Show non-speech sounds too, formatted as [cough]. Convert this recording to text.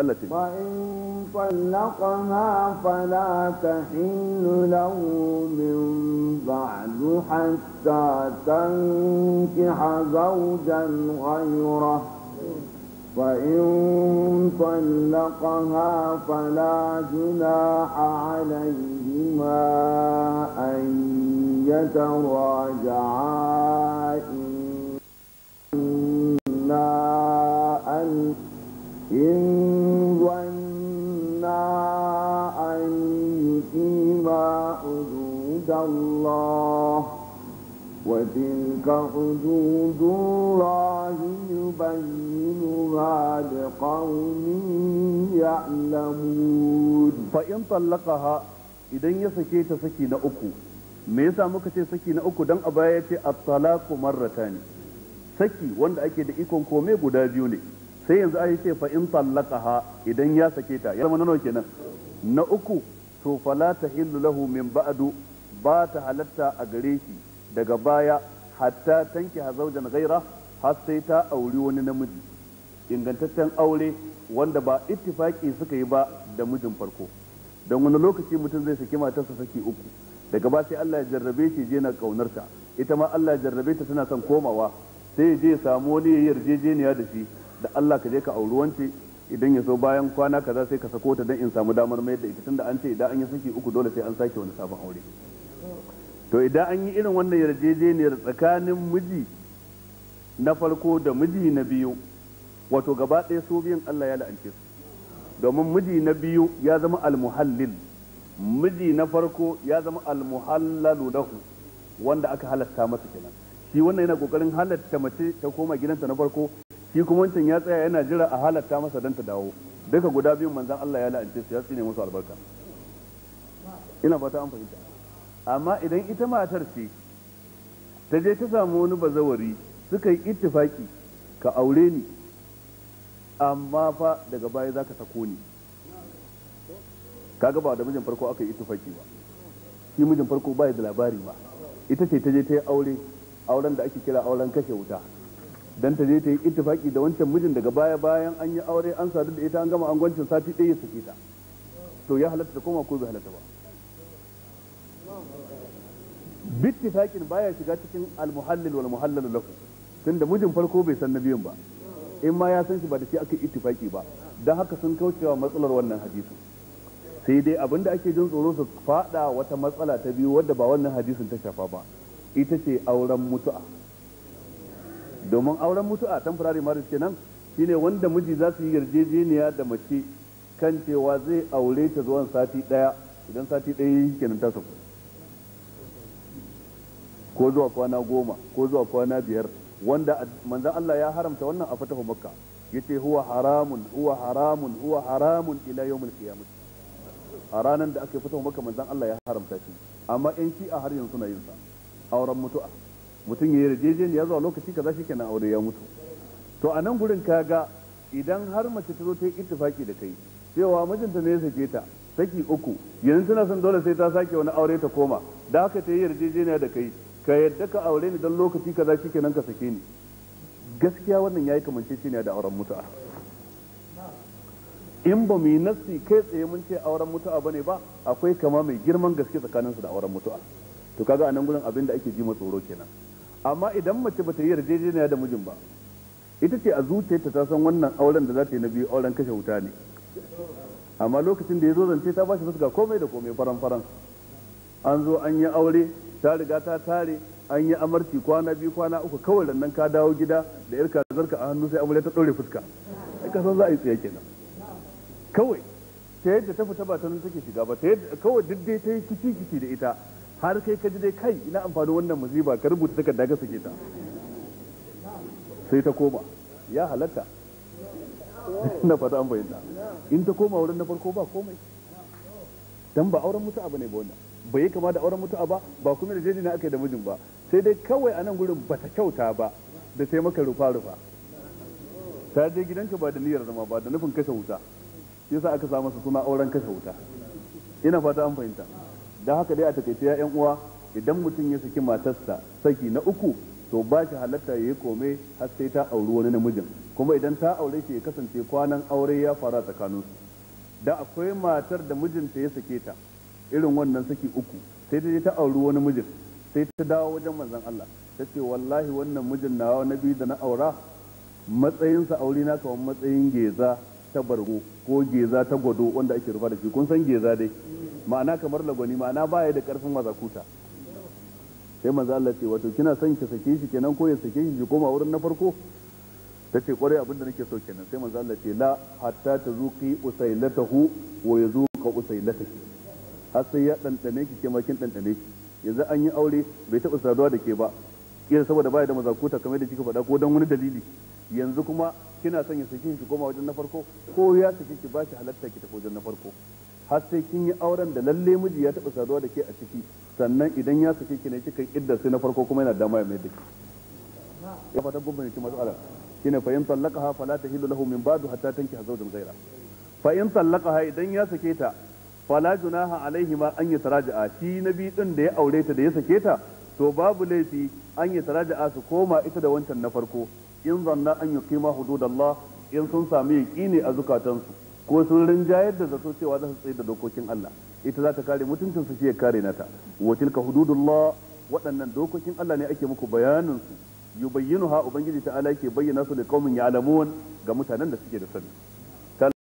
وإن طلقها فلا تحل له من بعد حتى تنكح زوجا غيره فإن طلقها فلا جناح عليهما أن يتراجعا إن, إن الله وتلك حدود الله يبينها لقوم يعلمون فإن طلقها idan ya sake ta saki na uku me yasa muka ce saki na uku dan a baya ya ce at-talaqu marratan saki wanda ake da ikon kome guda biyu ne sai yanzu ayi ce fa in tallaqaha idan ya sake ta ya zama nawa kenan na uku to fala tahillu lahu min ba'du ba ta halatta a gare shi daga baya hatta tanki zaujan gaira har sai ta auri wani namiji ingantaccen aure wanda ba ittifaki suka yi ba da mijin farko don wani lokaci mutum zai saki matarsa saki uku daga ba sai Allah ya jarrabe shi je na kaunarta ita ma Allah ya jarrabe ta tana son komawa sai ya je ya samu wani yayi yarjejeniya da shi da Allah ka je ka auri wance idan ya so bayan kwana kaza sai ka sako ta dan in samu damar mayar da ita tunda an ce idan an yi saki uku dole sai an sake wani sabon aure to idan an yi irin wannan yarjejeniyar tsakanin miji na farko da miji na biyu wato gaba ɗaya su biyan Allah ya la'ance su domin miji na biyu ya zama almuhallil miji na farko ya zama almuhallalu lahu wanda aka halatta masa kenan shi wannan yana kokarin halatta mace ta koma gidanta na farko shi kuma wancan ya tsaya yana jira a halatta masa dan ta dawo duka guda biyun manzan Allah ya la'ance su ya tsine musu albarka ina fata an fahimta amma idan ita matar ce ta je ta samu wani bazawari suka yi ittifaki ka aure ni amma fa daga baya za ka sako ni kaga ba da mijin farko aka yi ittifaki ba shi mijin farko baya da labari ba ita ce ta je ta yi aure auren da ake kira auren kashe wuta dan ta je ta yi ittifaki da wancan mijin daga baya bayan an yi aure an sadu da ita an gama angwancin sati ɗaya su ta to ya halatta da koma ko bai halatta ba bittifakin baya shiga cikin almuhallil wal muhallal lahu tunda mijin farko bai san na biyun ba in ma ya san shi ba da shi aka yi ittifaki ba dan haka sun kaucewa matsalar wannan hadisi sai dai abinda ake jin tsoro su fada wata matsala ta biyu wadda ba wannan hadisin ta shafa ba ita ce auren mutu'a domin auren mutu'a temporary marriage kenan shine wanda miji za su yi yarjejeniya da mace kan cewa zai aure ta zuwan sati daya idan sati daya kenan ta sauka ko zuwa kwana goma ko zuwa kwana biyar wanda manzan Allah ya haramta wannan a fatahu makka yace huwa haramun huwa haramun huwa haramun ila yawmil qiyamah a ranar da aka fatahu makka manzan Allah ya haramta shi amma in shi a har yanzu na yin sa auren mutu'a mutum yayi ya zuwa lokaci kaza shikenan aure ya mutu to a nan gurin kaga idan har mace ta zo ta yi ittifaki da kai cewa mijinta ne ya sake ta saki uku yanzu tana son dole sai ta sake wani aure ta koma da haka ta yi yarjejeniya da kai ka yadda ka aure ni dan lokaci kaza shikenan ka sake ni gaskiya wannan yayi kamance shi ne da auren mutu'a in ba mu yi nassi kai tsaye mun ce auren mutu'a ne ba akwai kama mai girman gaske tsakanin su da auren mutu'a to kaga anan gurin abin da ake ji ma tsoro kenan amma idan mace bata yi yarjejeniya da mijin ba ita ce a zuciyarta ta san wannan auren da za ta yi na biyu auren kashe wuta ne amma lokacin da ya zo zance ta bashi fasga komai da komai faran faran an zo an yi aure ta riga ta tare an yi amarci kwana biyu kwana uku kawai rannan ka dawo gida da yar kazarka a hannu sai amarya ta ɗore fuska ai ka san za a yi tsaye kenan kawai ta yadda ta fita ba ta nan take shiga ba ta yadda kawai duk dai ta yi kici kici da ita har kai ka ji dai kai ina amfani wannan musiba ka rubuta takarda ka sake ta sai ta koma ya halatta [laughs] na fata an bayyana in ta koma wurin na farko ba komai dan ba auren mutu abu ne ba wannan bai yi kama da auren mutu'a ba ba kuma da na aka yi da mijin ba sai dai kawai a nan gurin ba ta kyauta ba da sai maka rufa rufa ta je gidanka ba da niyyar zama ba da nufin kashe wuta yasa aka sa masa suna auren kashe wuta ina fata an fahimta don haka dai a takaice ya yan uwa idan mutum ya saki matarsa saki na uku to ba shi halatta ya yi kome har sai ta auri wani namijin kuma idan ta aure shi ya kasance kwanan aure ya fara tsakaninsu da akwai matar da mijinta ya sake ta irin wannan saki uku sai dai ta auri wani mijin sai ta dawo wajen manzon Allah ta ce wallahi wannan mijin na na biyu da na aura matsayinsa aure na kawai matsayin geza ta bargo ko geza ta gwado wanda ake rufa da shi kun san geza dai ma'ana kamar lagwani ma'ana baya da karfin mazakuta sai manzon Allah ce wato kina son ki sake shi kenan ko ya sake shi ki koma wurin na farko ta ce kwarai abinda nake so kenan sai manzon Allah ce la hatta tazuqi usailatahu wa yazuqa usailataki har sai ya ɗanɗane ki kema kin ɗanɗane ki yanzu an yi aure bai taɓa saduwa da ke ba kila saboda baya da mazakuta kamar da kika faɗa ko don wani dalili yanzu kuma kina son ya saki ki koma wajen na farko ko ya saki ki ba shi halatta ki tafi wajen na farko har sai kin yi auren da lalle miji ya taɓa saduwa da ke a ciki sannan idan ya saki ki ne kika idda sai na farko kuma yana dama ya mai da ki ya fata gumbin ki mas'ala shine fa in fala tahillu lahu min ba'du hatta tanki zawjan ghayra fa in talaqaha idan ya sake ta fala junaha alaihi ma an yataraja'a shi nabi din da ya aure ta da ya sake ta to babu laifi an yataraja'a su koma ita da wancan na farko in zanna an yuqima hududallah in sun sami ne a zukatansu ko sun rinjayar da zato cewa za su tsaye da dokokin Allah ita za ta kare mutuncin su shi ya kare nata wa tilka hududullah waɗannan dokokin Allah ne ake muku bayanin su yubayyinuha ubangiji ta'ala yake bayyana su da qaumin ya'lamun ga mutanen da suke da sani